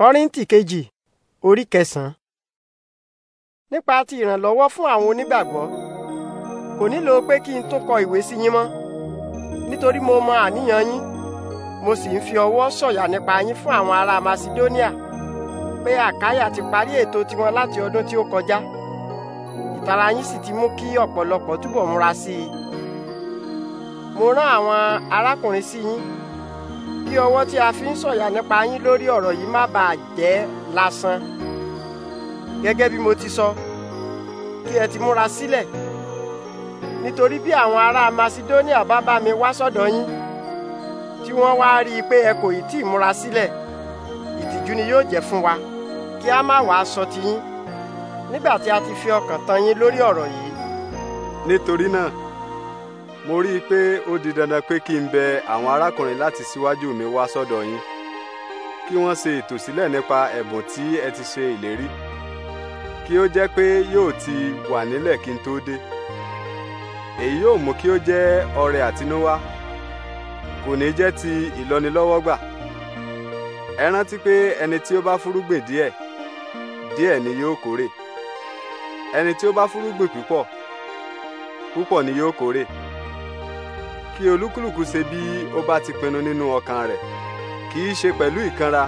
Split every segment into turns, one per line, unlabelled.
kọ́ríntì kejì orí kẹsàn-án. nípa ti ìrànlọ́wọ́ fún àwọn onígbàgbọ́ kò nílò pé kí n tún kọ ìwé sí yín mọ́ nítorí mo mọ àníyàn yín mo sì ń fi ọwọ́ sọ̀yà nípa yín fún àwọn ará Macedonia pé Àkáyà ti parí ètò tiwọn láti ọdún tí ó kọjá ìtara yín sì ti mú kí ọ̀pọ̀lọpọ̀ túbọ̀ múra sí i mo rán àwọn arákùnrin sí yín. kí ọwọ́ tí a fi ń sọ̀yà nípa yín lórí ọ̀rọ̀ yìí má bàa jẹ́ lásán gẹ́gẹ́ bí mo ti sọ kí ẹ ti múra sílẹ̀ nítorí bí àwọn ará Macedonia bá bá mi wá sọ́dọ̀ yín tí wọ́n wá rí i pé ẹ kò ì tí ì múra sílẹ̀ ìtìjú ni yóò jẹ́ fún wa kí a má wàá sọ ti yín nígbà tí a ti fi ọkàn tán yín lórí
ọ̀rọ̀ yìí. nítorí náà mo rí i pé ó di dandan pé kí n bẹ àwọn arákùnrin láti síwájú mi wá sọ́dọ̀ yín kí wọ́n ṣe ìtòsílẹ̀ nípa ẹ̀bùn tí ẹ ti ṣe ìlérí kí ó jẹ́ pé yóò ti wà nílẹ̀ kí n tó dé èyí yóò mú kí ó jẹ́ ọrẹ àtinúwá kò ní jẹ́ ti ìlọ́nilọ́wọ́gbà ẹ rántí pé ẹni tí ó bá fúrúgbìn díẹ̀ díẹ̀ ni yóò kórè ẹni tí ó bá fúrúgbìn púpọ̀ púpọ̀ ni yóò kórè kí olúkúlùkù ṣe bí ó bá ti pinnu nínú ọkàn rẹ̀ kì í ṣe pẹ̀lú ìkanra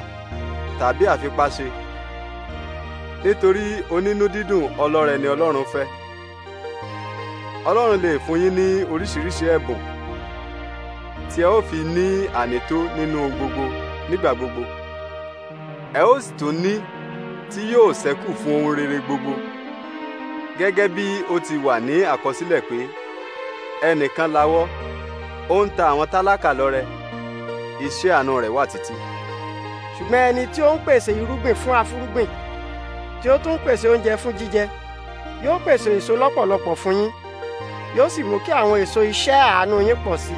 tàbí àfipáṣe nítorí onínú dídùn ọlọ́rẹ ni ọlọ́run fẹ́ ọlọ́run lè fún yín ní oríṣiríṣi ẹ̀bùn tí ẹ ó fi ní ànító nínú gbogbo nígbà gbogbo ẹ ó sì tún ní tí yóò ṣẹ́kù fún ohun rere gbogbo gẹ́gẹ́ bí ó ti wà ní àkọsílẹ̀ pé ẹnìkan lawọ́ ó ń ta àwọn tálákà lọ́rẹ iṣẹ́ àánú rẹ̀ wà títí. ṣùgbọ́n ẹni
tí ó ń pèsè irúgbìn fún afúrúgbìn tí ó tún pèsè oúnjẹ fún jíjẹ yóò pèsè èso lọ́pọ̀lọpọ̀ fún yín yóò sì mú kí àwọn èso iṣẹ́ àánú yín pọ̀ sí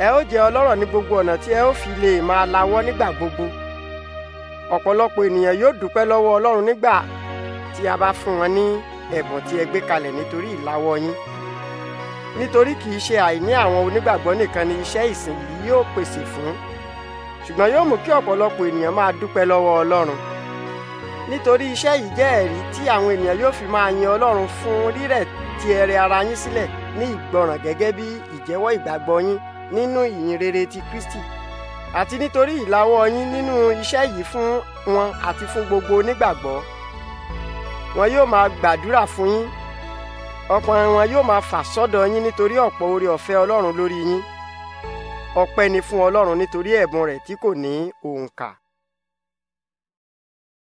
i ẹ ó jẹ ọlọ́rọ̀ ní gbogbo ọ̀nà tí ẹ ó fi lè máa lawọ́ nígbà gbogbo ọ̀pọ̀lọpọ̀ ènìyàn yóò dúpẹ́ lọ́wọ́ ọlọ́run nígbà tí a bá fún wọn ní ẹ̀bùn tí ẹ gbé kalẹ̀ nítorí ìlawọ́ yín nítorí kì í ṣe àìní àwọn onígbàgbọ́ nìkan ni iṣẹ́ ìsìn yìí yóò pèsè fún ṣùgbọ́n yóò mú kí ọ̀pọ̀lọpọ̀ ènìyàn máa dúpẹ́ lọ́wọ́ Ọlọ́run nítorí iṣẹ́ yìí jẹ́ ẹ̀rí tí àwọn ènìyàn yóò fi máa yin Ọlọ́run fún rírẹ̀ ti ẹrẹ ara yín sílẹ̀ ní ìgbọràn gẹ́gẹ́ bí ìjẹ́wọ́ ìgbàgbọ́ yín nínú ìyìn rere ti Kristi àti nítorí ìlawọ́ yín nínú iṣẹ́ yìí fún wọn àti fún gbogbo onígbàgbọ́ wọn yóò máa gbàdúrà fún yín ọ̀pọ̀ wọn yóò máa fà sọ́dọ̀ yín nítorí ọ̀pọ̀ oore ọ̀fẹ́ Ọlọ́run lórí
yín ọpẹ́ ni fún Ọlọ́run nítorí ẹ̀bùn rẹ̀ tí kò ní òǹkà.